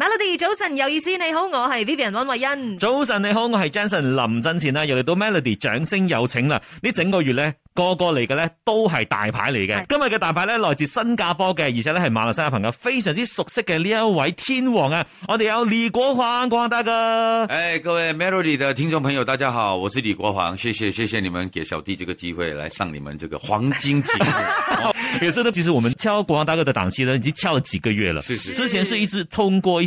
Melody 早晨有意思，你好，我係 Vivian 温慧欣。早晨你好，我係 Jason 林振前啦，又嚟到 Melody 掌聲有請啦！呢整個月呢，個個嚟嘅呢，都係大牌嚟嘅。今日嘅大牌呢，來自新加坡嘅，而且呢係馬來西亞朋友非常之熟悉嘅呢一位天王啊！我哋有李國華，國皇大哥。誒、哎，各位 Melody 的聽眾朋友，大家好，我是李國華，謝謝謝謝你們給小弟這個機會來上你們這個黃金節目。 哦、其實呢，其實我們敲國皇大哥的檔期呢已經敲了幾個月啦。之前是一直通過一。